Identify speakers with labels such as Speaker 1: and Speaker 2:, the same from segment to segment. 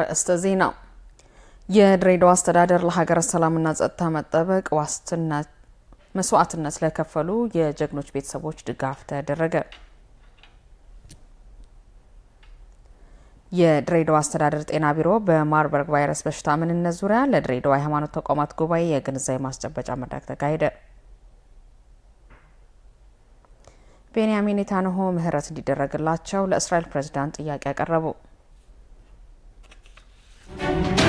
Speaker 1: አርዕስተ ዜና። የድሬዳዋ አስተዳደር ለሀገር ሰላምና ጸጥታ መጠበቅ ዋስትና መስዋዕትነት ለከፈሉ የጀግኖች ቤተሰቦች ድጋፍ ተደረገ። የድሬዳዋ አስተዳደር ጤና ቢሮ በማርበርግ ቫይረስ በሽታ ምንነት ዙሪያ ለድሬዳዋ የሃይማኖት ተቋማት ጉባኤ የግንዛቤ ማስጨበጫ መድረክ ተካሄደ። ቤንያሚን ኔታንያሁ ምህረት እንዲደረግላቸው ለእስራኤል ፕሬዝዳንት ጥያቄ አቀረቡ። Thank you.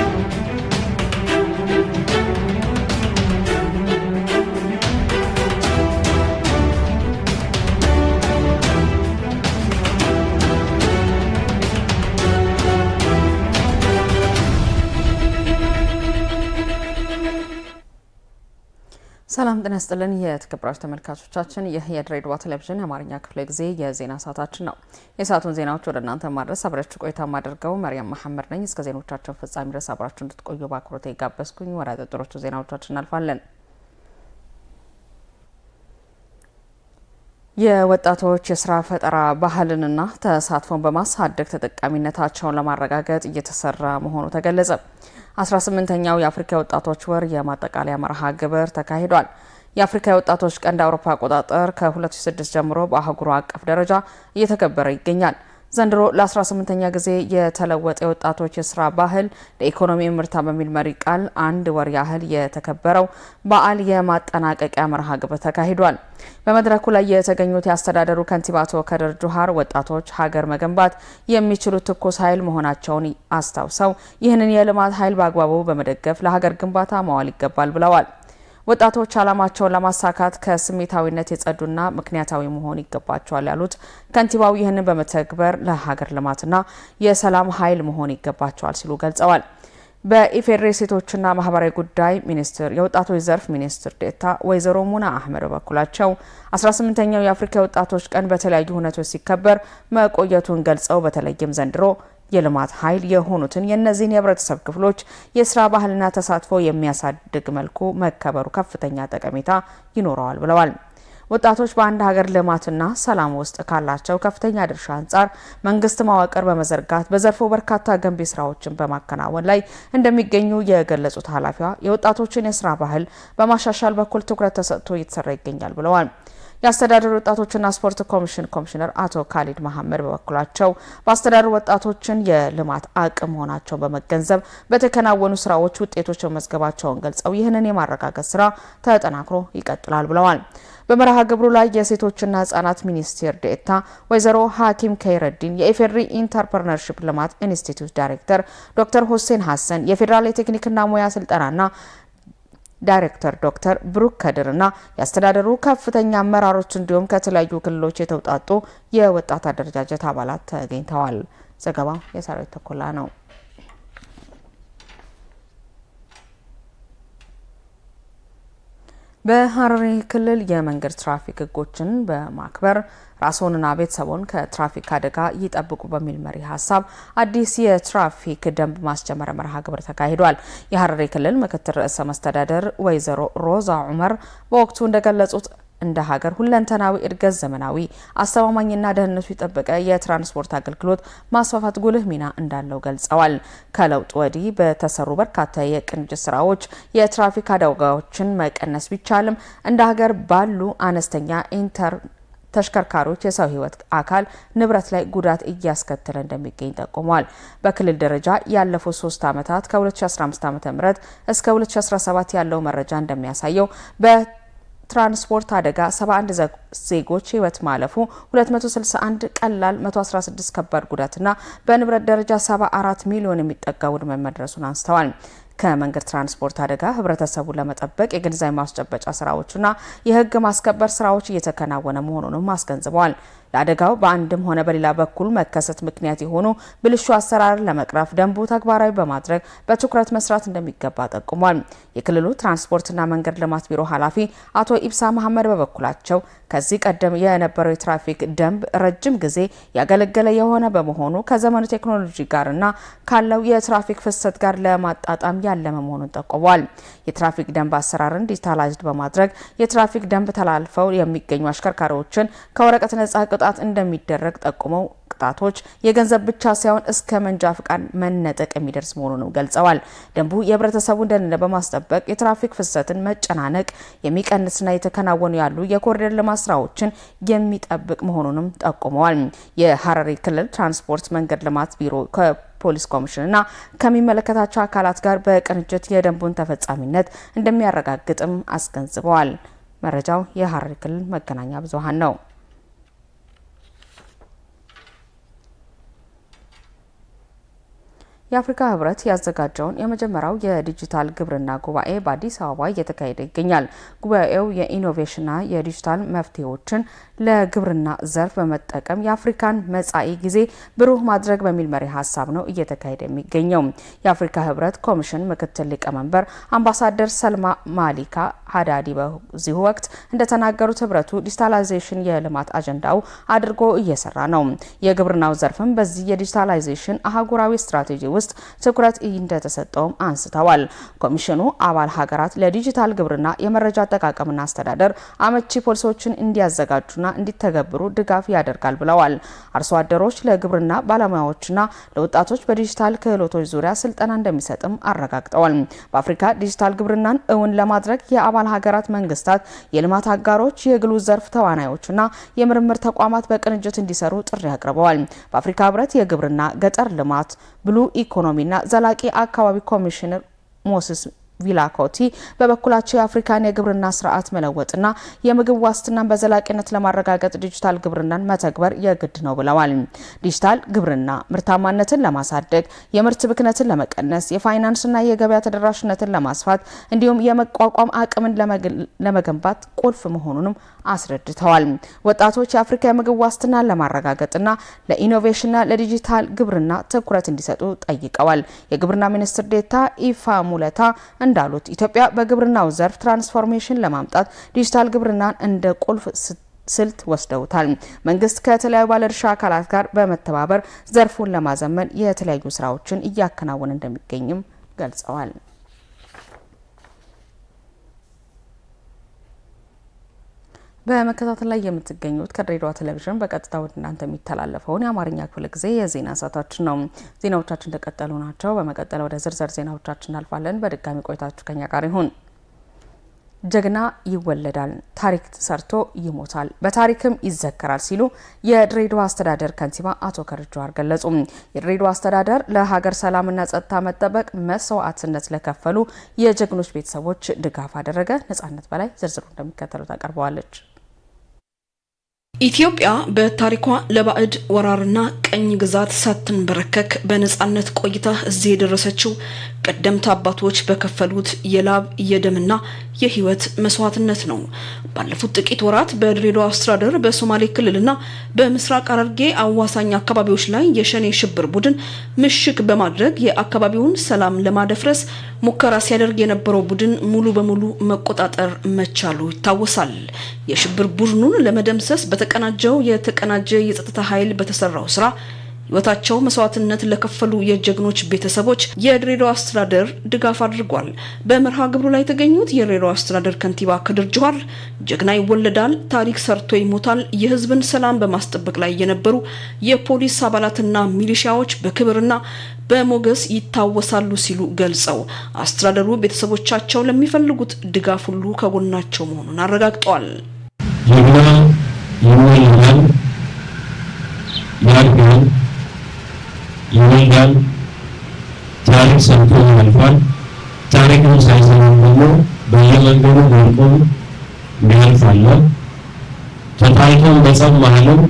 Speaker 1: ሰላም ጤና ይስጥልን የተከበራችሁ ተመልካቾቻችን፣ ይህ የድሬዳዋ ቴሌቪዥን የአማርኛ ክፍለ ጊዜ የዜና ሰዓታችን ነው። የሰዓቱን ዜናዎች ወደ እናንተ ማድረስ አብረች ቆይታ ማደርገው መርያም መሐመድ ነኝ። እስከ ዜናዎቻችን ፍጻሜ ድረስ አብራችሁ እንድትቆዩ በአክብሮት የጋበዝኩኝ። ወደ አጠጥሮቹ ዜናዎቻችን እናልፋለን። የወጣቶች የስራ ፈጠራ ባህልንና ተሳትፎን በማሳደግ ተጠቃሚነታቸውን ለማረጋገጥ እየተሰራ መሆኑ ተገለጸ። 18ኛው የአፍሪካ ወጣቶች ወር የማጠቃለያ መርሃ ግብር ተካሂዷል። የአፍሪካ የወጣቶች ቀን እንደ አውሮፓ አቆጣጠር ከ2006 ጀምሮ በአህጉሩ አቀፍ ደረጃ እየተከበረ ይገኛል። ዘንድሮ ለ18ኛ ጊዜ የተለወጠ የወጣቶች የስራ ባህል ለኢኮኖሚ ምርታ በሚል መሪ ቃል አንድ ወር ያህል የተከበረው በዓል የማጠናቀቂያ መርሃ ግብር ተካሂዷል። በመድረኩ ላይ የተገኙት የአስተዳደሩ ከንቲባ አቶ ከድር ጁሃር ወጣቶች ሀገር መገንባት የሚችሉት ትኩስ ኃይል መሆናቸውን አስታውሰው ይህንን የልማት ኃይል በአግባቡ በመደገፍ ለሀገር ግንባታ መዋል ይገባል ብለዋል። ወጣቶች ዓላማቸውን ለማሳካት ከስሜታዊነት የጸዱና ምክንያታዊ መሆን ይገባቸዋል ያሉት ከንቲባው ይህንን በመተግበር ለሀገር ልማትና የሰላም ኃይል መሆን ይገባቸዋል ሲሉ ገልጸዋል። በኢፌዴሪ ሴቶችና ማህበራዊ ጉዳይ ሚኒስትር የወጣቶች ዘርፍ ሚኒስትር ዴታ ወይዘሮ ሙና አህመድ በበኩላቸው 18ኛው የአፍሪካ የወጣቶች ቀን በተለያዩ ሁነቶች ሲከበር መቆየቱን ገልጸው በተለይም ዘንድሮ የልማት ኃይል የሆኑትን የእነዚህን የህብረተሰብ ክፍሎች የስራ ባህልና ተሳትፎ የሚያሳድግ መልኩ መከበሩ ከፍተኛ ጠቀሜታ ይኖረዋል ብለዋል። ወጣቶች በአንድ ሀገር ልማትና ሰላም ውስጥ ካላቸው ከፍተኛ ድርሻ አንጻር መንግስት መዋቅር በመዘርጋት በዘርፉ በርካታ ገንቢ ስራዎችን በማከናወን ላይ እንደሚገኙ የገለጹት ኃላፊዋ የወጣቶችን የስራ ባህል በማሻሻል በኩል ትኩረት ተሰጥቶ እየተሰራ ይገኛል ብለዋል። የአስተዳደር ወጣቶችና ስፖርት ኮሚሽን ኮሚሽነር አቶ ካሊድ መሐመድ በበኩላቸው በአስተዳደር ወጣቶችን የልማት አቅም መሆናቸውን በመገንዘብ በተከናወኑ ስራዎች ውጤቶች መመዝገባቸውን ገልጸው ይህንን የማረጋገጥ ስራ ተጠናክሮ ይቀጥላል ብለዋል። በመርሃ ግብሩ ላይ የሴቶችና ህጻናት ሚኒስቴር ዴኤታ ወይዘሮ ሀኪም ከይረዲን፣ የኢፌድሪ ኢንተርፕርነርሽፕ ልማት ኢንስቲትዩት ዳይሬክተር ዶክተር ሁሴን ሀሰን፣ የፌዴራል የቴክኒክና ሙያ ስልጠናና ዳይሬክተር ዶክተር ብሩክ ከድርና የአስተዳደሩ ከፍተኛ አመራሮች እንዲሁም ከተለያዩ ክልሎች የተውጣጡ የወጣት አደረጃጀት አባላት ተገኝተዋል። ዘገባው የሰራዊት ተኮላ ነው። በሐረሪ ክልል የመንገድ ትራፊክ ሕጎችን በማክበር ራስዎንና ቤተሰቦን ከትራፊክ አደጋ ይጠብቁ በሚል መሪ ሀሳብ አዲስ የትራፊክ ደንብ ማስጀመሪያ መርሃ ግብር ተካሂዷል። የሐረሪ ክልል ምክትል ርዕሰ መስተዳደር ወይዘሮ ሮዛ ዑመር በወቅቱ እንደገለጹት እንደ ሀገር ሁለንተናዊ እድገት ዘመናዊ፣ አስተማማኝና ደህንነቱ የጠበቀ የትራንስፖርት አገልግሎት ማስፋፋት ጉልህ ሚና እንዳለው ገልጸዋል። ከለውጥ ወዲህ በተሰሩ በርካታ የቅንጅት ስራዎች የትራፊክ አደጋዎችን መቀነስ ቢቻልም እንደ ሀገር ባሉ አነስተኛ ኢንተር ተሽከርካሪዎች የሰው ህይወት አካል ንብረት ላይ ጉዳት እያስከተለ እንደሚገኝ ጠቁሟል። በክልል ደረጃ ያለፉት ሶስት ዓመታት ከ2015 ዓ ም እስከ 2017 ያለው መረጃ እንደሚያሳየው ትራንስፖርት አደጋ 71 ዜጎች ህይወት ማለፉ 261 ቀላል 116 ከባድ ጉዳትና በንብረት ደረጃ 74 ሚሊዮን የሚጠጋ ውድመት መድረሱን አንስተዋል። ከመንገድ ትራንስፖርት አደጋ ህብረተሰቡን ለመጠበቅ የግንዛቤ ማስጨበጫ ስራዎችና የህግ ማስከበር ስራዎች እየተከናወነ መሆኑንም አስገንዝበዋል። ለአደጋው በአንድም ሆነ በሌላ በኩል መከሰት ምክንያት የሆኑ ብልሹ አሰራር ለመቅረፍ ደንቡ ተግባራዊ በማድረግ በትኩረት መስራት እንደሚገባ ጠቁሟል። የክልሉ ትራንስፖርትና መንገድ ልማት ቢሮ ኃላፊ አቶ ኢብሳ መሐመድ በበኩላቸው ከዚህ ቀደም የነበረው የትራፊክ ደንብ ረጅም ጊዜ ያገለገለ የሆነ በመሆኑ ከዘመኑ ቴክኖሎጂ ጋርና ካለው የትራፊክ ፍሰት ጋር ለማጣጣም ያለመ መሆኑን ጠቁሟል። የትራፊክ ደንብ አሰራርን ዲጂታላይዝድ በማድረግ የትራፊክ ደንብ ተላልፈው የሚገኙ አሽከርካሪዎችን ከወረቀት ነጻ ቅጣት እንደሚደረግ ጠቁመው ቅጣቶች የገንዘብ ብቻ ሳይሆን እስከ መንጃ ፍቃድ መነጠቅ የሚደርስ መሆኑንም ገልጸዋል። ደንቡ የህብረተሰቡን ደህንነት በማስጠበቅ የትራፊክ ፍሰትን መጨናነቅ የሚቀንስና የተከናወኑ ያሉ የኮሪደር ልማት ስራዎችን የሚጠብቅ መሆኑንም ጠቁመዋል። የሀረሪ ክልል ትራንስፖርት መንገድ ልማት ቢሮ ፖሊስ ኮሚሽንና ከሚመለከታቸው አካላት ጋር በቅንጅት የደንቡን ተፈጻሚነት እንደሚያረጋግጥም አስገንዝበዋል። መረጃው የሀረሪ ክልል መገናኛ ብዙኃን ነው። የአፍሪካ ህብረት ያዘጋጀውን የመጀመሪያው የዲጂታል ግብርና ጉባኤ በአዲስ አበባ እየተካሄደ ይገኛል። ጉባኤው የኢኖቬሽንና የዲጂታል መፍትሄዎችን ለግብርና ዘርፍ በመጠቀም የአፍሪካን መጻኢ ጊዜ ብሩህ ማድረግ በሚል መሪ ሀሳብ ነው እየተካሄደ የሚገኘው። የአፍሪካ ህብረት ኮሚሽን ምክትል ሊቀመንበር አምባሳደር ሰልማ ማሊካ ሀዳዲ በዚሁ ወቅት እንደተናገሩት ህብረቱ ዲጂታላይዜሽን የልማት አጀንዳው አድርጎ እየሰራ ነው። የግብርናው ዘርፍም በዚህ የዲጂታላይዜሽን አህጉራዊ ስትራቴጂ ውስጥ ትኩረት እንደተሰጠውም አንስተዋል። ኮሚሽኑ አባል ሀገራት ለዲጂታል ግብርና የመረጃ አጠቃቀምና አስተዳደር አመቺ ፖሊሲዎችን እንዲያዘጋጁና እንዲተገብሩ ድጋፍ ያደርጋል ብለዋል። አርሶ አደሮች ለግብርና ባለሙያዎችና ለወጣቶች በዲጂታል ክህሎቶች ዙሪያ ስልጠና እንደሚሰጥም አረጋግጠዋል። በአፍሪካ ዲጂታል ግብርናን እውን ለማድረግ የአባል ሀገራት መንግስታት፣ የልማት አጋሮች፣ የግሉ ዘርፍ ተዋናዮችና የምርምር ተቋማት በቅንጅት እንዲሰሩ ጥሪ አቅርበዋል። በአፍሪካ ህብረት የግብርና ገጠር ልማት፣ ብሉ ኢኮኖሚና ዘላቂ አካባቢ ኮሚሽነር ሞስስ። ቪላኮቲ በበኩላቸው የአፍሪካን የግብርና ስርዓት መለወጥና የምግብ ዋስትናን በዘላቂነት ለማረጋገጥ ዲጂታል ግብርናን መተግበር የግድ ነው ብለዋል። ዲጂታል ግብርና ምርታማነትን ለማሳደግ፣ የምርት ብክነትን ለመቀነስ፣ የፋይናንስና የገበያ ተደራሽነትን ለማስፋት እንዲሁም የመቋቋም አቅምን ለመገንባት ቁልፍ መሆኑንም አስረድተዋል። ወጣቶች የአፍሪካ የምግብ ዋስትናን ለማረጋገጥና ለኢኖቬሽንና ለዲጂታል ግብርና ትኩረት እንዲሰጡ ጠይቀዋል። የግብርና ሚኒስትር ዴታ ኢፋ ሙለታ እንዳሉት ኢትዮጵያ በግብርናው ዘርፍ ትራንስፎርሜሽን ለማምጣት ዲጂታል ግብርናን እንደ ቁልፍ ስልት ወስደውታል። መንግስት ከተለያዩ ባለድርሻ አካላት ጋር በመተባበር ዘርፉን ለማዘመን የተለያዩ ስራዎችን እያከናወነ እንደሚገኝም ገልጸዋል። በመከታተል ላይ የምትገኙት ከድሬዳዋ ቴሌቪዥን በቀጥታ ወደ እናንተ የሚተላለፈውን የአማርኛ ክፍለ ጊዜ የዜና ሰዓታችን ነው። ዜናዎቻችን ተቀጠሉ ናቸው። በመቀጠል ወደ ዝርዝር ዜናዎቻችን እናልፋለን። በድጋሚ ቆይታችሁ ከኛ ጋር ይሁን። ጀግና ይወለዳል፣ ታሪክ ሰርቶ ይሞታል፣ በታሪክም ይዘከራል ሲሉ የድሬዳዋ አስተዳደር ከንቲባ አቶ ከድር ገለጹ። የድሬዳዋ አስተዳደር ለሀገር ሰላምና ጸጥታ መጠበቅ መስዋዕትነት ለከፈሉ የጀግኖች ቤተሰቦች ድጋፍ አደረገ። ነጻነት በላይ ዝርዝሩ እንደሚከተሉ ታቀርበዋለች። ኢትዮጵያ በታሪኳ ለባዕድ ወራርና ቀኝ ግዛት ሳትንበረከክ በነጻነት ቆይታ እዚህ የደረሰችው ቀደምት አባቶች በከፈሉት የላብ የደምና የህይወት መስዋዕትነት ነው። ባለፉት ጥቂት ወራት በድሬዳዋ አስተዳደር በሶማሌ ክልልና በምስራቅ ሐረርጌ አዋሳኝ አካባቢዎች ላይ የሸኔ ሽብር ቡድን ምሽግ በማድረግ የአካባቢውን ሰላም ለማደፍረስ ሙከራ ሲያደርግ የነበረው ቡድን ሙሉ በሙሉ መቆጣጠር መቻሉ ይታወሳል። የሽብር ቡድኑን ለመደምሰስ በተቀናጀው የተቀናጀ የጸጥታ ኃይል በተሰራው ስራ ህይወታቸው መስዋዕትነት ለከፈሉ የጀግኖች ቤተሰቦች የድሬዳዋ አስተዳደር ድጋፍ አድርጓል። በመርሃ ግብሩ ላይ የተገኙት የድሬዳዋ አስተዳደር ከንቲባ ከድር ጁሃር ጀግና ይወለዳል፣ ታሪክ ሰርቶ ይሞታል፣ የህዝብን ሰላም በማስጠበቅ ላይ የነበሩ የፖሊስ አባላትና ሚሊሺያዎች በክብርና በሞገስ ይታወሳሉ ሲሉ ገልጸው አስተዳደሩ ቤተሰቦቻቸው ለሚፈልጉት ድጋፍ ሁሉ ከጎናቸው መሆኑን አረጋግጠዋል። ጀግና ይወለዳል፣ ያድጋል ይወልዳል። ታሪክ ሰምቶ ያልፋል። ታሪክም ሳይሰማ ደግሞ በየመንገዱ ወርቆም አለ። ተጣልቶም በጸብ መሃልም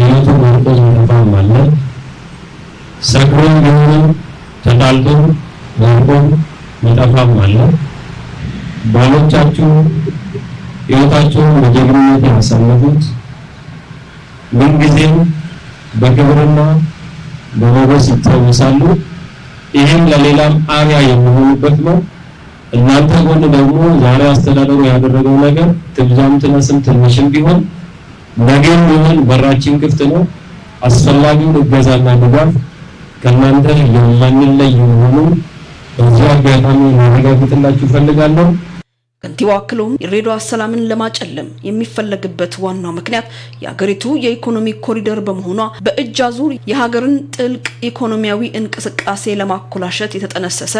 Speaker 1: ህይወቱ ወርቆ የሚጠፋም አለ። ሰክሮም ቢሆንም ተጣልቶም ወርቆም ሚጠፋም አለ። ባሎቻችሁ ህይወታቸውን በጀግንነት ያሳለፉት ምንጊዜም በክብርና በሞገስ ይታወሳሉ። ይህም ለሌላም አርያ የሚሆኑበት ነው። እናንተ ጎን ደግሞ ዛሬ አስተዳደሩ ያደረገው ነገር ትብዛም ትነስም ትንሽም ቢሆን ነገም ቢሆን በራችን ክፍት ነው። አስፈላጊውን እገዛና ድጋፍ ከእናንተ የማንለይ መሆኑን በዚህ አጋጣሚ ማረጋግጥላችሁ እፈልጋለሁ። ከንቲባው አክለውም የድሬዳዋ ሰላምን ለማጨለም የሚፈለግበት ዋናው ምክንያት የሀገሪቱ የኢኮኖሚ ኮሪደር በመሆኗ በእጅ አዙር የሀገርን ጥልቅ ኢኮኖሚያዊ እንቅስቃሴ ለማኮላሸት የተጠነሰሰ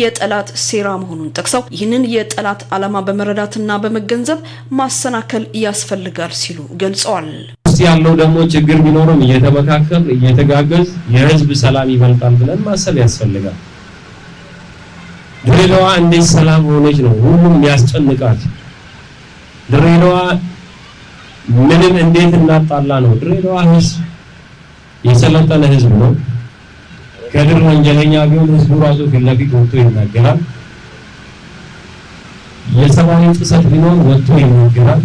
Speaker 1: የጠላት ሴራ መሆኑን ጠቅሰው ይህንን የጠላት ዓላማ በመረዳትና በመገንዘብ ማሰናከል ያስፈልጋል ሲሉ ገልጸዋል። ውስጥ ያለው ደግሞ ችግር ቢኖርም እየተመካከል እየተጋገዝ የህዝብ ሰላም ይበልጣል ብለን ማሰብ ያስፈልጋል። ድሬዳዋ እንዴት ሰላም ሆነች ነው? ሁሉም ያስጨንቃል። ድሬዳዋ ምንም እንዴት እናጣላ ነው? ድሬዳዋ ህዝብ የሰለጠነ ህዝብ ነው። ከድር ወንጀለኛ ቢሆን ህዝቡ ራሱ ፊት ለፊት ወጥቶ ይናገራል። የሰብአዊ ጥሰት ቢኖር ወጥቶ ይናገራል።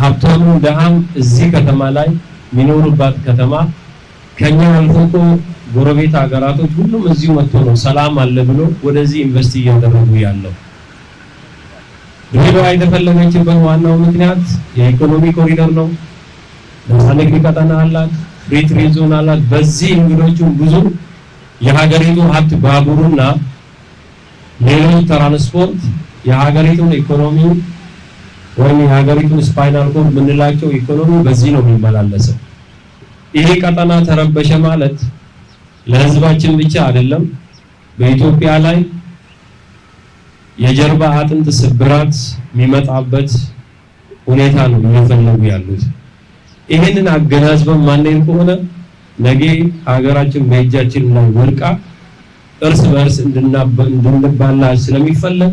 Speaker 1: ሀብታሙ ደሃም እዚህ ከተማ ላይ የሚኖሩባት ከተማ ከኛ አልፎ ጎረቤት ሀገራቶች ሁሉም እዚሁ መጥቶ ነው ሰላም አለ ብሎ ወደዚህ ኢንቨስት እያደረጉ ያለው። ድሬዳዋ የተፈለገችበት ዋናው ምክንያት የኢኮኖሚ ኮሪደር ነው። ነፃ ንግድ ቀጠና አላት፣ ፍሪ ትሬድ ዞን አላት። በዚህ እንግዶቹም ብዙ የሀገሪቱ ሀብት ባቡሩና ሌሎች ትራንስፖርት የሀገሪቱን ኢኮኖሚ ወይም የሀገሪቱን ስፓይናል ኮርድ የምንላቸው ኢኮኖሚ በዚህ ነው የሚመላለሰው። ይሄ ቀጠና ተረበሸ ማለት ለህዝባችን ብቻ አይደለም፣ በኢትዮጵያ ላይ የጀርባ አጥንት ስብራት የሚመጣበት ሁኔታ ነው እየፈለጉ ያሉት። ይህንን አገናዝበን ማንሄድ ከሆነ ነገ ሀገራችን በእጃችን ላይ ወድቃ እርስ በእርስ እንድንባላ ስለሚፈለግ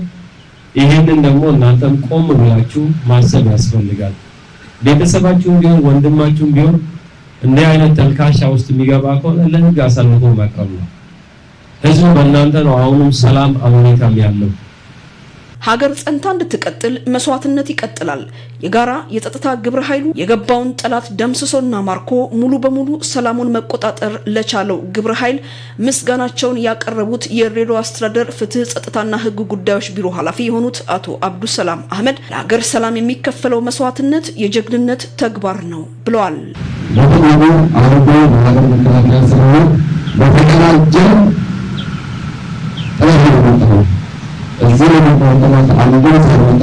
Speaker 1: ይህንን ደግሞ እናንተም ቆም ብላችሁ ማሰብ ያስፈልጋል። ቤተሰባችሁም ቢሆን ወንድማችሁም ቢሆን እንዲህ አይነት ተልካሻ ውስጥ የሚገባ ከሆነ ለህግ አሳልፎ መቅረብ ነው። ህዝቡ በእናንተ ነው አሁንም ሰላም አሜሪካም ያለው ሀገር ጸንታ እንድትቀጥል መስዋዕትነት ይቀጥላል። የጋራ የጸጥታ ግብረ ኃይሉ የገባውን ጠላት ደምስሶና ማርኮ ሙሉ በሙሉ ሰላሙን መቆጣጠር ለቻለው ግብረ ኃይል ምስጋናቸውን ያቀረቡት የድሬዳዋ አስተዳደር ፍትህ፣ ጸጥታና ህግ ጉዳዮች ቢሮ ኃላፊ የሆኑት አቶ አብዱሰላም አህመድ ለሀገር ሰላም የሚከፈለው መስዋዕትነት የጀግንነት ተግባር ነው ብለዋል። አሁን መከላከያ በተቀናጀ ከዘመኑ በወጣት አንዱ ተወጣ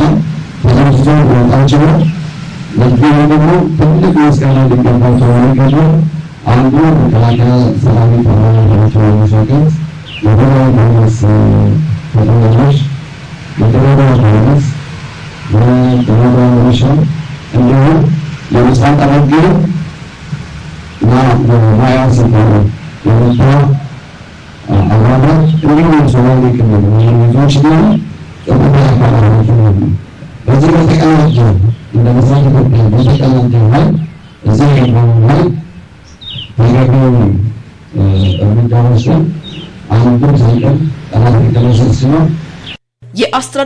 Speaker 1: ተዘርዝሮ ሊወጣ ችሏል። ለዚህም ደግሞ ትልቅ ምስጋና ሊገባው ተወነገዶ አንዱ መከላከያ ሰራዊት ባለቤታቸው የሚሰጡት የበላይ ፖሊስ ተጠያቂዎች የጠበባ ፖሊስ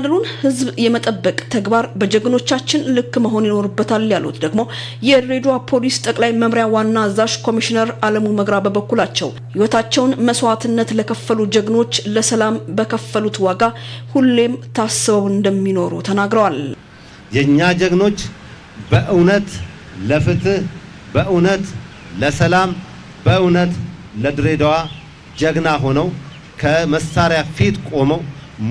Speaker 1: የአስተዳደሩን ህዝብ የመጠበቅ ተግባር በጀግኖቻችን ልክ መሆን ይኖርበታል ያሉት ደግሞ የድሬዳዋ ፖሊስ ጠቅላይ መምሪያ ዋና አዛዥ ኮሚሽነር አለሙ መግራ በበኩላቸው ህይወታቸውን መስዋዕትነት ለከፈሉ ጀግኖች ለሰላም በከፈሉት ዋጋ ሁሌም ታስበው እንደሚኖሩ ተናግረዋል። የእኛ ጀግኖች በእውነት ለፍትህ፣ በእውነት ለሰላም፣ በእውነት ለድሬዳዋ ጀግና ሆነው ከመሳሪያ ፊት ቆመው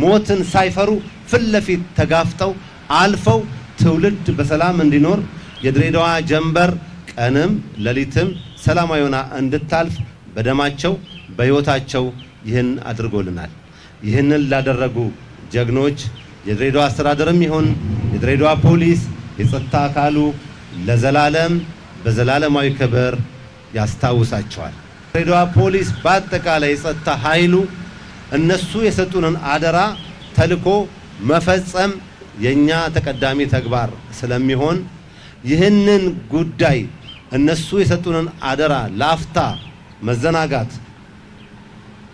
Speaker 1: ሞትን ሳይፈሩ ፊት ለፊት ተጋፍጠው አልፈው ትውልድ በሰላም እንዲኖር የድሬዳዋ ጀንበር ቀንም ሌሊትም ሰላማዊ ሆና እንድታልፍ በደማቸው በሕይወታቸው ይህን አድርጎልናል። ይህንን ላደረጉ ጀግኖች የድሬዳዋ አስተዳደርም ይሁን የድሬዳዋ ፖሊስ የጸጥታ አካሉ ለዘላለም በዘላለማዊ ክብር ያስታውሳቸዋል። ድሬዳዋ ፖሊስ በአጠቃላይ የጸጥታ ኃይሉ እነሱ የሰጡንን አደራ ተልዕኮ መፈጸም የእኛ ተቀዳሚ ተግባር ስለሚሆን ይህንን ጉዳይ እነሱ የሰጡንን አደራ ላፍታ መዘናጋት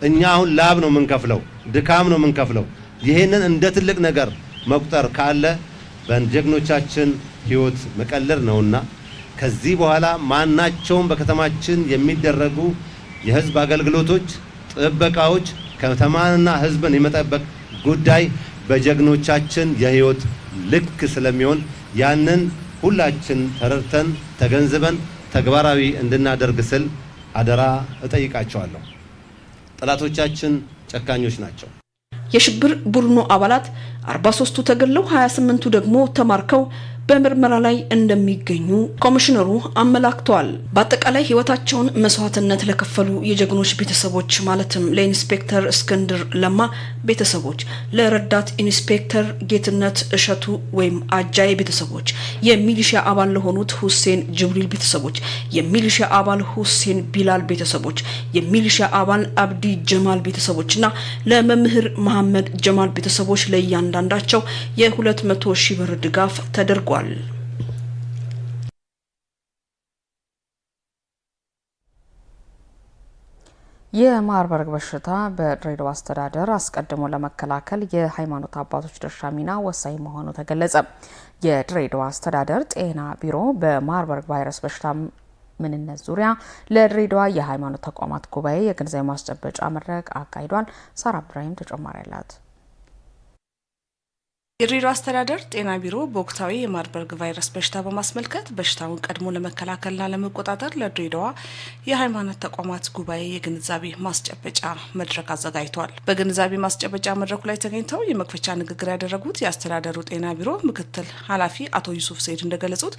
Speaker 1: እኛ አሁን ላብ ነው የምንከፍለው፣ ድካም ነው የምንከፍለው። ይህንን እንደ ትልቅ ነገር መቁጠር ካለ በጀግኖቻችን ሕይወት መቀለር ነውና ከዚህ በኋላ ማናቸውም በከተማችን የሚደረጉ የህዝብ አገልግሎቶች፣ ጥበቃዎች ከተማንና ህዝብን የመጠበቅ ጉዳይ በጀግኖቻችን የህይወት ልክ ስለሚሆን ያንን ሁላችን ተረድተን ተገንዝበን ተግባራዊ እንድናደርግ ስል አደራ እጠይቃቸዋለሁ። ጠላቶቻችን ጨካኞች ናቸው። የሽብር ቡድኑ አባላት 43ቱ ተገለው 28ቱ ደግሞ ተማርከው በምርመራ ላይ እንደሚገኙ ኮሚሽነሩ አመላክተዋል። በአጠቃላይ ህይወታቸውን መስዋዕትነት ለከፈሉ የጀግኖች ቤተሰቦች ማለትም ለኢንስፔክተር እስክንድር ለማ ቤተሰቦች፣ ለረዳት ኢንስፔክተር ጌትነት እሸቱ ወይም አጃይ ቤተሰቦች፣ የሚሊሺያ አባል ለሆኑት ሁሴን ጅብሪል ቤተሰቦች፣ የሚሊሺያ አባል ሁሴን ቢላል ቤተሰቦች፣ የሚሊሺያ አባል አብዲ ጀማል ቤተሰቦችና ለመምህር መሐመድ ጀማል ቤተሰቦች ለእያንዳንዳቸው የ200 ሺህ ብር ድጋፍ ተደርጓል። አድርጓል። የማርበርግ በሽታ በድሬዳዋ አስተዳደር አስቀድሞ ለመከላከል የሃይማኖት አባቶች ድርሻ ሚና ወሳኝ መሆኑ ተገለጸ። የድሬዳዋ አስተዳደር ጤና ቢሮ በማርበርግ ቫይረስ በሽታ ምንነት ዙሪያ ለድሬዳዋ የሃይማኖት ተቋማት ጉባኤ የግንዛቤ ማስጨበጫ መድረክ አካሂዷል። ሳራ አብድራሂም ተጨማሪ አላት። የድሬዳዋ አስተዳደር ጤና ቢሮ በወቅታዊ የማርበርግ ቫይረስ በሽታ በማስመልከት በሽታውን ቀድሞ ለመከላከልና ለመቆጣጠር ለድሬዳዋ የሃይማኖት ተቋማት ጉባኤ የግንዛቤ ማስጨበጫ መድረክ አዘጋጅቷል። በግንዛቤ ማስጨበጫ መድረኩ ላይ ተገኝተው የመክፈቻ ንግግር ያደረጉት የአስተዳደሩ ጤና ቢሮ ምክትል ኃላፊ አቶ ዩሱፍ ሰይድ እንደገለጹት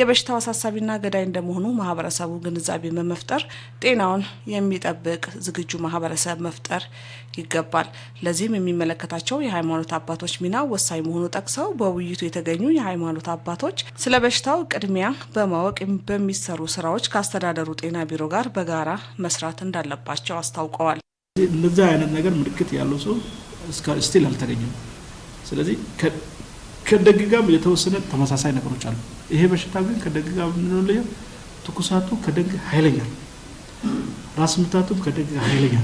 Speaker 1: የበሽታው አሳሳቢና ገዳይ እንደመሆኑ ማህበረሰቡ ግንዛቤ በመፍጠር ጤናውን የሚጠብቅ ዝግጁ ማህበረሰብ መፍጠር ይገባል። ለዚህም የሚመለከታቸው የሃይማኖት አባቶች ሚና ወሳኝ መሆኑ ጠቅሰው በውይይቱ የተገኙ የሃይማኖት አባቶች ስለ በሽታው ቅድሚያ በማወቅ በሚሰሩ ስራዎች ከአስተዳደሩ ጤና ቢሮ ጋር በጋራ መስራት እንዳለባቸው አስታውቀዋል።
Speaker 2: እንደዚህ አይነት ነገር ምልክት ያለው ሰው ስቲል አልተገኘም። ስለዚህ ከደግ የተወሰነ ተመሳሳይ ነገሮች አሉ። ይሄ በሽታ ግን ከደግ ጋር ትኩሳቱ ከደግ ኃይለኛ፣ ራስ ምታቱም ከደግ ኃይለኛ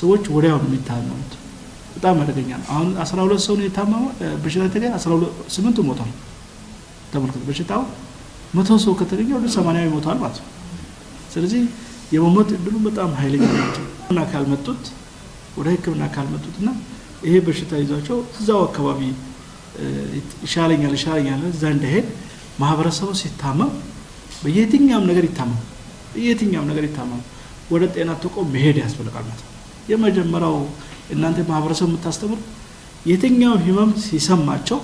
Speaker 2: ሰዎች ወዲያው ነው የሚታመሙት። በጣም አደገኛ ነው። አሁን አስራ ሁለት ሰው ነው የታመመ በሽታ የተገኘ አስራ ሁለት ስምንቱ ሞቷል። ተመልከቱ በሽታው መቶ ሰው ከተገኘ ወደ ሰማንያ ሞቷል ማለት ነው። ስለዚህ የመሞት እድሉ በጣም ሀይለኛ ናቸው እና ካልመጡት ወደ ህክምና ካልመጡት ና ይሄ በሽታ ይዟቸው እዛው አካባቢ ይሻለኛል ይሻለኛል እዛ እንዳይሄድ ማህበረሰቡ ሲታመም በየትኛውም ነገር ይታመም በየትኛውም ነገር ይታመም ወደ ጤና ተቆ መሄድ ያስፈልጋል ማለት ነው። የመጀመሪያው እናንተ ማህበረሰብ የምታስተምር የትኛው ህመም ሲሰማቸው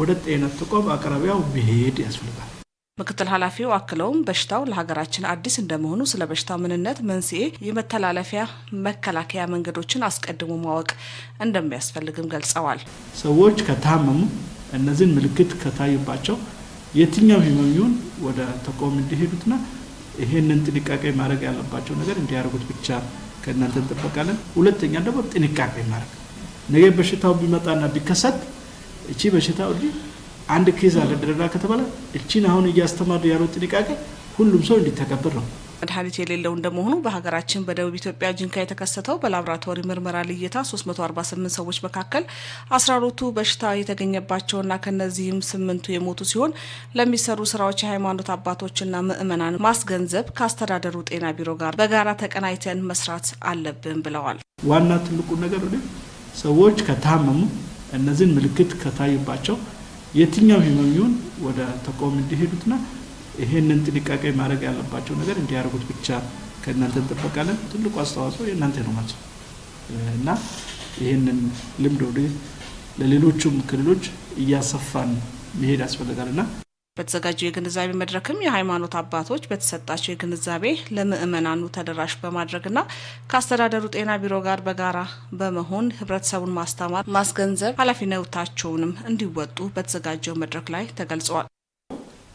Speaker 2: ወደ ጤነት ተቋም አቅራቢያው ቢሄድ ያስፈልጋል።
Speaker 1: ምክትል ኃላፊው አክለውም በሽታው ለሀገራችን አዲስ እንደመሆኑ ስለ በሽታው ምንነት፣ መንስኤ፣ የመተላለፊያ መከላከያ መንገዶችን አስቀድሞ ማወቅ እንደሚያስፈልግም ገልጸዋል።
Speaker 2: ሰዎች ከታመሙ እነዚህን ምልክት ከታዩባቸው የትኛው ህመም ይሁን ወደ ተቋም እንዲሄዱትና ይህንን ጥንቃቄ ማድረግ ያለባቸው ነገር እንዲያደርጉት ብቻ ከእናንተ እንጠበቃለን። ሁለተኛ ደግሞ ጥንቃቄ ማድረግ ነገ በሽታው ቢመጣና ቢከሰት እቺ በሽታ እንዲህ አንድ ኬዝ አለ ከተባለ እቺን አሁን እያስተማሩ ያለው ጥንቃቄ ሁሉም ሰው እንዲተከብር ነው።
Speaker 1: መድኃኒት የሌለው እንደመሆኑ በሀገራችን በደቡብ ኢትዮጵያ ጅንካ የተከሰተው በላብራቶሪ ምርመራ ልየታ 348 ሰዎች መካከል 14ቱ በሽታ የተገኘባቸውና ከነዚህም ስምንቱ የሞቱ ሲሆን ለሚሰሩ ስራዎች የሃይማኖት አባቶችና ምዕመናን ማስገንዘብ ከአስተዳደሩ ጤና ቢሮ ጋር በጋራ ተቀናይተን መስራት አለብን ብለዋል።
Speaker 2: ዋና ትልቁ ነገር ሰዎች ከታመሙ እነዚህን ምልክት ከታይባቸው የትኛው ህመም ይሁን ወደ ተቋም እንዲሄዱትና ይሄንን ጥንቃቄ ማድረግ ያለባቸው ነገር እንዲያደርጉት ብቻ ከእናንተ እንጠበቃለን። ትልቁ አስተዋጽኦ የእናንተ ነው ማለት እና ይህንን ልምድ ወደ ለሌሎቹም ክልሎች እያሰፋን መሄድ ያስፈልጋል ና
Speaker 1: በተዘጋጀው የግንዛቤ መድረክም የሃይማኖት አባቶች በተሰጣቸው የግንዛቤ ለምዕመናኑ ተደራሽ ና ከአስተዳደሩ ጤና ቢሮ ጋር በጋራ በመሆን ህብረተሰቡን ማስተማር፣ ማስገንዘብ ኃላፊነታቸውንም እንዲወጡ በተዘጋጀው መድረክ ላይ ተገልጸዋል።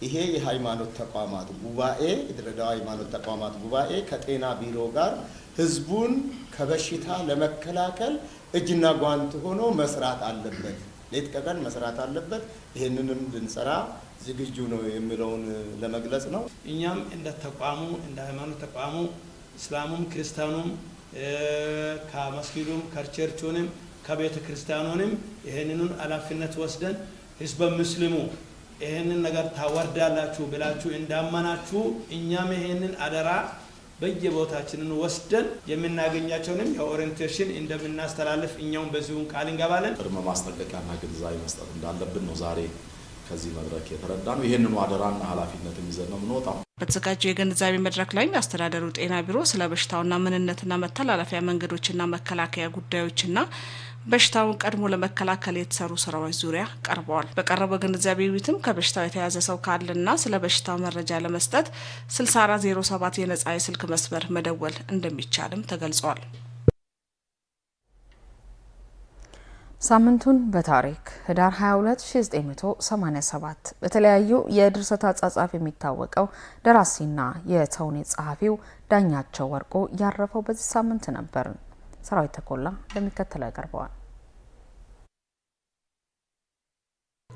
Speaker 3: ይሄ የሃይማኖት ተቋማት ጉባኤ የድሬዳዋ ሃይማኖት ተቋማት ጉባኤ ከጤና ቢሮ ጋር ህዝቡን ከበሽታ ለመከላከል እጅና ጓንት ሆኖ መስራት አለበት፣ ሌት ቀቀን መስራት አለበት። ይህንንም ልንሰራ ዝግጁ ነው የሚለውን ለመግለጽ ነው።
Speaker 4: እኛም እንደ ተቋሙ እንደ ሃይማኖት ተቋሙ እስላሙም ክርስቲያኑም ከመስጊዱም ከቸርቹንም ከቤተ ክርስቲያኑንም ይህንኑን ኃላፊነት ወስደን ህዝበ ሙስሊሙ ይህንን ነገር ታወርዳላችሁ ብላችሁ እንዳመናችሁ እኛም ይህንን አደራ በየቦታችንን ወስደን የምናገኛቸውንም የኦሪንቴሽን እንደምናስተላልፍ እኛውን በዚሁን ቃል እንገባለን።
Speaker 5: ቅድመ ማስጠንቀቂያና ግንዛቤ መስጠት እንዳለብን ነው ዛሬ ከዚህ መድረክ የተረዳ ነው። ይህንኑ አደራና ኃላፊነትም ይዘን ነው የምንወጣው።
Speaker 1: በተዘጋጀው የግንዛቤ መድረክ ላይም የአስተዳደሩ ጤና ቢሮ ስለ በሽታውና ምንነትና መተላለፊያ መንገዶችና መከላከያ ጉዳዮችና በሽታውን ቀድሞ ለመከላከል የተሰሩ ስራዎች ዙሪያ ቀርበዋል። በቀረበው ግንዛቤ ውይይትም ከበሽታው የተያዘ ሰው ካለና ስለ በሽታው መረጃ ለመስጠት 6407 የነጻ የስልክ መስመር መደወል እንደሚቻልም ተገልጿል። ሳምንቱን በታሪክ ህዳር 22 1987 በተለያዩ የድርሰት አጻጻፍ የሚታወቀው ደራሲና የተውኔት ጸሐፊው ዳኛቸው ወርቁ ያረፈው በዚህ ሳምንት ነበር። ሰራዊት ተኮላ እንደሚከተለው ያቀርበዋል።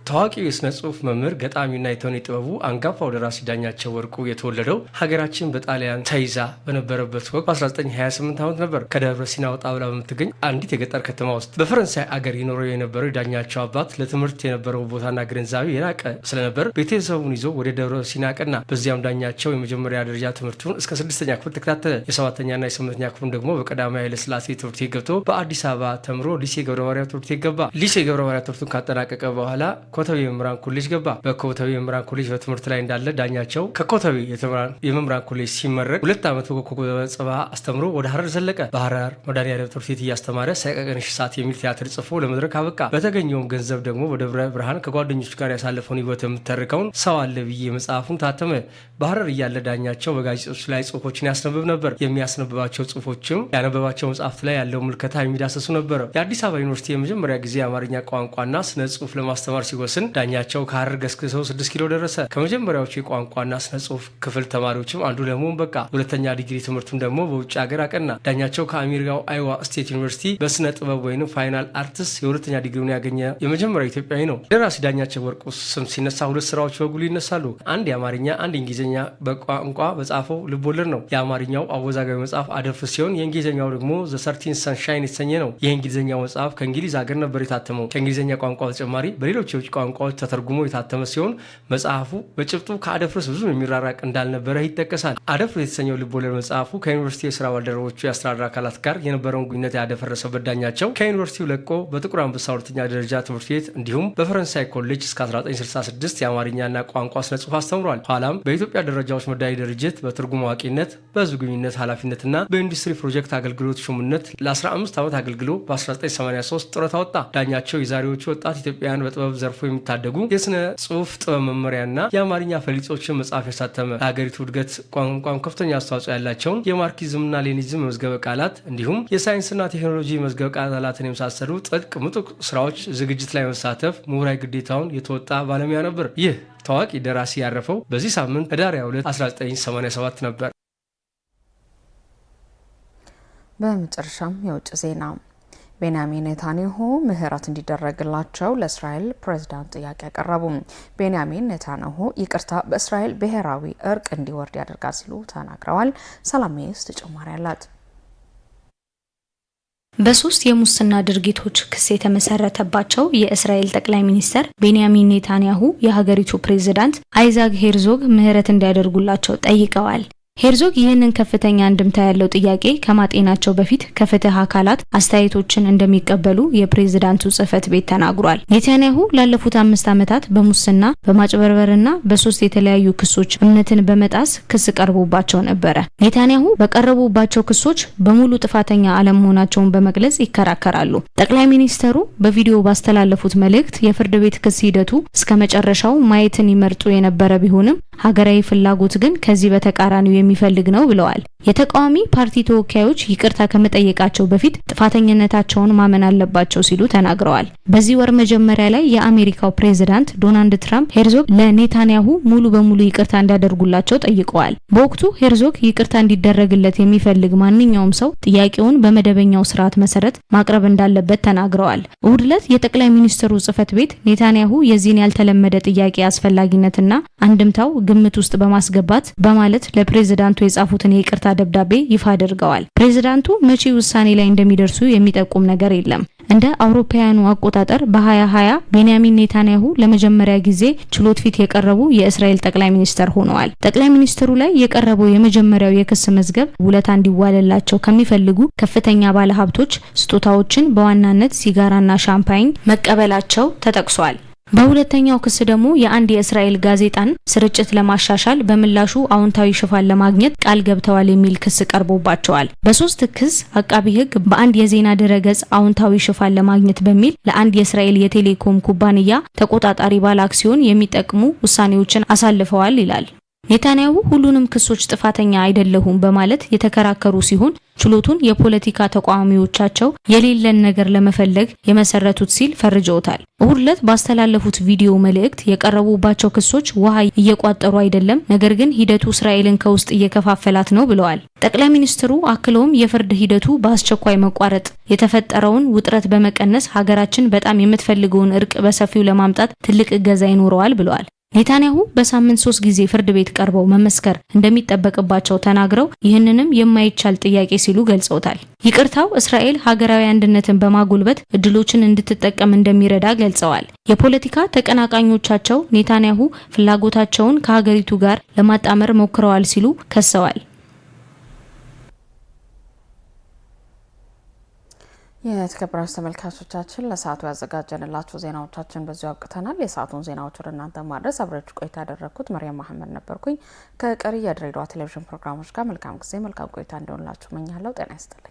Speaker 6: ታዋቂው የሥነ ጽሑፍ መምህር ገጣሚና የተውኔት ጥበቡ አንጋፋው ደራሲ ዳኛቸው ወርቁ የተወለደው ሀገራችን በጣሊያን ተይዛ በነበረበት ወቅት 1928 ዓመት ነበር። ከደብረ ሲና ወጣ ብላ በምትገኝ አንዲት የገጠር ከተማ ውስጥ በፈረንሳይ አገር ይኖረው የነበረው የዳኛቸው አባት ለትምህርት የነበረው ቦታና ግንዛቤ የላቀ ስለነበር ቤተሰቡን ይዞ ወደ ደብረ ሲና ቀና። በዚያም ዳኛቸው የመጀመሪያ ደረጃ ትምህርቱን እስከ ስድስተኛ ክፍል ተከታተለ። የሰባተኛና የስምንተኛ ክፍሉን ደግሞ በቀዳማዊ ኃይለሥላሴ ትምህርት ቤት ገብቶ በአዲስ አበባ ተምሮ ሊሴ ገብረማርያም ትምህርት ቤት ገባ። ሊሴ ማርያም ትምህርቱን ካጠናቀቀ በኋላ ኮተቤ መምራን ኮሌጅ ገባ። በኮተቢ መምራን ኮሌጅ በትምህርት ላይ እንዳለ ዳኛቸው ከኮተቤ የመምህራን ኮሌጅ ሲመረቅ ሁለት ዓመት በኮከበ ጽባህ አስተምሮ ወደ ሀረር ዘለቀ። በሀረር መድኃኔዓለም ትምህርት ቤት እያስተማረ ሳይቀቀንሽ ሰዓት የሚል ቲያትር ጽፎ ለመድረክ አበቃ። በተገኘውም ገንዘብ ደግሞ በደብረ ብርሃን ከጓደኞች ጋር ያሳለፈውን ህይወት የምተርከውን ሰው አለ ብዬ መጽሐፉን ታተመ። በሀረር እያለ ዳኛቸው በጋዜጦች ላይ ጽሁፎችን ያስነብብ ነበር። የሚያስነብባቸው ጽሁፎችም ያነበባቸው መጽሐፍት ላይ ያለው ምልከታ የሚዳሰሱ ነበር የአዲስ አበባ ዩኒቨርሲቲ የመጀመሪያ ጊዜ የአማርኛ ቋንቋና ስነ ጽሁፍ ለማስተማር ሲ ጊዮርጊስን ዳኛቸው ከሀረር ገስግሰው ስድስት ኪሎ ደረሰ። ከመጀመሪያዎቹ የቋንቋና ስነ ጽሁፍ ክፍል ተማሪዎችም አንዱ ለመሆን በቃ። ሁለተኛ ዲግሪ ትምህርቱን ደግሞ በውጭ ሀገር አቀና። ዳኛቸው ከአሜሪካው አይዋ ስቴት ዩኒቨርሲቲ በስነ ጥበብ ወይም ፋይናል አርትስ የሁለተኛ ዲግሪውን ያገኘ የመጀመሪያው ኢትዮጵያዊ ነው። ደራሲ ዳኛቸው ወርቁ ስም ሲነሳ ሁለት ስራዎች በጉሉ ይነሳሉ። አንድ የአማርኛ አንድ እንግሊዝኛ በቋንቋ በጻፈው ልቦለድ ነው። የአማርኛው አወዛጋቢ መጽሐፍ አደፍ ሲሆን የእንግሊዝኛው ደግሞ ዘ ሰርቲን ሰንሻይን የተሰኘ ነው። ይህ እንግሊዝኛው መጽሐፍ ከእንግሊዝ ሀገር ነበር የታተመው። ከእንግሊዝኛ ቋንቋ በተጨማሪ በሌሎች የውጭ ቋንቋዎች ተተርጉሞ የታተመ ሲሆን መጽሐፉ በጭብጡ ከአደፍርስ ብዙም የሚራራቅ እንዳልነበረ ይጠቀሳል። አደፍርስ የተሰኘው ልቦለድ መጽሐፉ ከዩኒቨርሲቲ የስራ ባልደረቦቹ የአስተዳደር አካላት ጋር የነበረውን ግንኙነት ያደፈረሰው በዳኛቸው ከዩኒቨርሲቲው ለቆ በጥቁር አንበሳ ሁለተኛ ደረጃ ትምህርት ቤት እንዲሁም በፈረንሳይ ኮሌጅ እስከ 1966 የአማርኛና ቋንቋ ስነ ጽሁፍ አስተምሯል። ኋላም በኢትዮጵያ ደረጃዎች መዳይ ድርጅት በትርጉም አዋቂነት፣ በህዝብ ግንኙነት ኃላፊነትና በኢንዱስትሪ ፕሮጀክት አገልግሎት ሹምነት ለ15 ዓመት አገልግሎ በ1983 ጡረታ ወጣ። ዳኛቸው የዛሬዎቹ ወጣት ኢትዮጵያውያን በጥበብ ዘርፎ የሚታደጉ የስነ ጽሁፍ ጥበብ መመሪያና የአማርኛ ፈሊጦችን መጽሐፍ ያሳተመ ለሀገሪቱ እድገት ቋንቋም ከፍተኛ አስተዋጽኦ ያላቸውን የማርኪዝምና ሌኒዝም መዝገበ ቃላት እንዲሁም የሳይንስና ቴክኖሎጂ መዝገበ ቃላትን የመሳሰሉ ጥልቅ ምጡቅ ስራዎች ዝግጅት ላይ መሳተፍ ምሁራዊ ግዴታውን የተወጣ ባለሙያ ነበር። ይህ ታዋቂ ደራሲ ያረፈው በዚህ ሳምንት ህዳር 22 1987 ነበር።
Speaker 1: በመጨረሻም የውጭ ዜና ቤንያሚን ኔታንያሁ ምህረት እንዲደረግላቸው ለእስራኤል ፕሬዝዳንት ጥያቄ ያቀረቡ። ቤንያሚን ኔታንያሁ ይቅርታ በእስራኤል ብሔራዊ እርቅ እንዲወርድ ያደርጋል ሲሉ ተናግረዋል። ሰላም ስ ተጨማሪ አላት። በሶስት የሙስና ድርጊቶች ክስ የተመሰረተባቸው የእስራኤል ጠቅላይ ሚኒስተር ቤንያሚን ኔታንያሁ የሀገሪቱ ፕሬዝዳንት አይዛክ ሄርዞግ ምህረት እንዲያደርጉላቸው ጠይቀዋል። ሄርዞግ ይህንን ከፍተኛ እንድምታ ያለው ጥያቄ ከማጤናቸው በፊት ከፍትህ አካላት አስተያየቶችን እንደሚቀበሉ የፕሬዝዳንቱ ጽህፈት ቤት ተናግሯል። ኔታንያሁ ላለፉት አምስት ዓመታት በሙስና በማጭበርበርና በሶስት የተለያዩ ክሶች እምነትን በመጣስ ክስ ቀርቦባቸው ነበረ። ኔታንያሁ በቀረቡባቸው ክሶች በሙሉ ጥፋተኛ አለመሆናቸውን በመግለጽ ይከራከራሉ። ጠቅላይ ሚኒስተሩ በቪዲዮ ባስተላለፉት መልእክት የፍርድ ቤት ክስ ሂደቱ እስከ መጨረሻው ማየትን ይመርጡ የነበረ ቢሆንም ሀገራዊ ፍላጎት ግን ከዚህ በተቃራኒው የሚፈልግ ነው ብለዋል። የተቃዋሚ ፓርቲ ተወካዮች ይቅርታ ከመጠየቃቸው በፊት ጥፋተኝነታቸውን ማመን አለባቸው ሲሉ ተናግረዋል። በዚህ ወር መጀመሪያ ላይ የአሜሪካው ፕሬዝዳንት ዶናልድ ትራምፕ ሄርዞግ ለኔታንያሁ ሙሉ በሙሉ ይቅርታ እንዲያደርጉላቸው ጠይቀዋል። በወቅቱ ሄርዞግ ይቅርታ እንዲደረግለት የሚፈልግ ማንኛውም ሰው ጥያቄውን በመደበኛው ስርዓት መሰረት ማቅረብ እንዳለበት ተናግረዋል። እሁድ ዕለት የጠቅላይ ሚኒስትሩ ጽህፈት ቤት ኔታንያሁ የዚህን ያልተለመደ ጥያቄ አስፈላጊነትና አንድምታው ግምት ውስጥ በማስገባት በማለት ለፕሬዝዳንቱ የጻፉትን የይቅርታ ደብዳቤ ይፋ አድርገዋል። ፕሬዚዳንቱ መቼ ውሳኔ ላይ እንደሚደርሱ የሚጠቁም ነገር የለም። እንደ አውሮፓውያኑ አቆጣጠር በ2020 ቤንያሚን ኔታንያሁ ለመጀመሪያ ጊዜ ችሎት ፊት የቀረቡ የእስራኤል ጠቅላይ ሚኒስትር ሆነዋል። ጠቅላይ ሚኒስትሩ ላይ የቀረበው የመጀመሪያው የክስ መዝገብ ውለታ እንዲዋለላቸው ከሚፈልጉ ከፍተኛ ባለሀብቶች ስጦታዎችን በዋናነት ሲጋራና ሻምፓኝ መቀበላቸው ተጠቅሷል። በሁለተኛው ክስ ደግሞ የአንድ የእስራኤል ጋዜጣን ስርጭት ለማሻሻል በምላሹ አዎንታዊ ሽፋን ለማግኘት ቃል ገብተዋል የሚል ክስ ቀርቦባቸዋል። በሶስት ክስ አቃቢ ሕግ በአንድ የዜና ድረገጽ አዎንታዊ ሽፋን ለማግኘት በሚል ለአንድ የእስራኤል የቴሌኮም ኩባንያ ተቆጣጣሪ ባለ አክሲዮን የሚጠቅሙ ውሳኔዎችን አሳልፈዋል ይላል። ኔታንያሁ ሁሉንም ክሶች ጥፋተኛ አይደለሁም በማለት የተከራከሩ ሲሆን ችሎቱን የፖለቲካ ተቃዋሚዎቻቸው የሌለን ነገር ለመፈለግ የመሰረቱት ሲል ፈርጀውታል። እሁድ ዕለት ባስተላለፉት ቪዲዮ መልእክት የቀረቡባቸው ክሶች ውሃ እየቋጠሩ አይደለም፣ ነገር ግን ሂደቱ እስራኤልን ከውስጥ እየከፋፈላት ነው ብለዋል። ጠቅላይ ሚኒስትሩ አክለውም የፍርድ ሂደቱ በአስቸኳይ መቋረጥ የተፈጠረውን ውጥረት በመቀነስ ሀገራችን በጣም የምትፈልገውን እርቅ በሰፊው ለማምጣት ትልቅ እገዛ ይኖረዋል ብለዋል። ኔታንያሁ በሳምንት ሶስት ጊዜ ፍርድ ቤት ቀርበው መመስከር እንደሚጠበቅባቸው ተናግረው ይህንንም የማይቻል ጥያቄ ሲሉ ገልጸውታል። ይቅርታው እስራኤል ሀገራዊ አንድነትን በማጎልበት እድሎችን እንድትጠቀም እንደሚረዳ ገልጸዋል። የፖለቲካ ተቀናቃኞቻቸው ኔታንያሁ ፍላጎታቸውን ከሀገሪቱ ጋር ለማጣመር ሞክረዋል ሲሉ ከሰዋል። የተከበራችሁ ተመልካቾቻችን ለሰዓቱ ያዘጋጀንላችሁ ዜናዎቻችን በዚሁ አብቅተናል። የሰዓቱን ዜናዎች ወደ እናንተ ማድረስ አብሬያችሁ ቆይታ ያደረግኩት መርያም መሐመድ ነበርኩኝ። ከቀሪ የድሬዳዋ ቴሌቪዥን ፕሮግራሞች ጋር መልካም ጊዜ፣ መልካም ቆይታ እንዲሆንላችሁ መኛለው። ጤና ይስጥልኝ።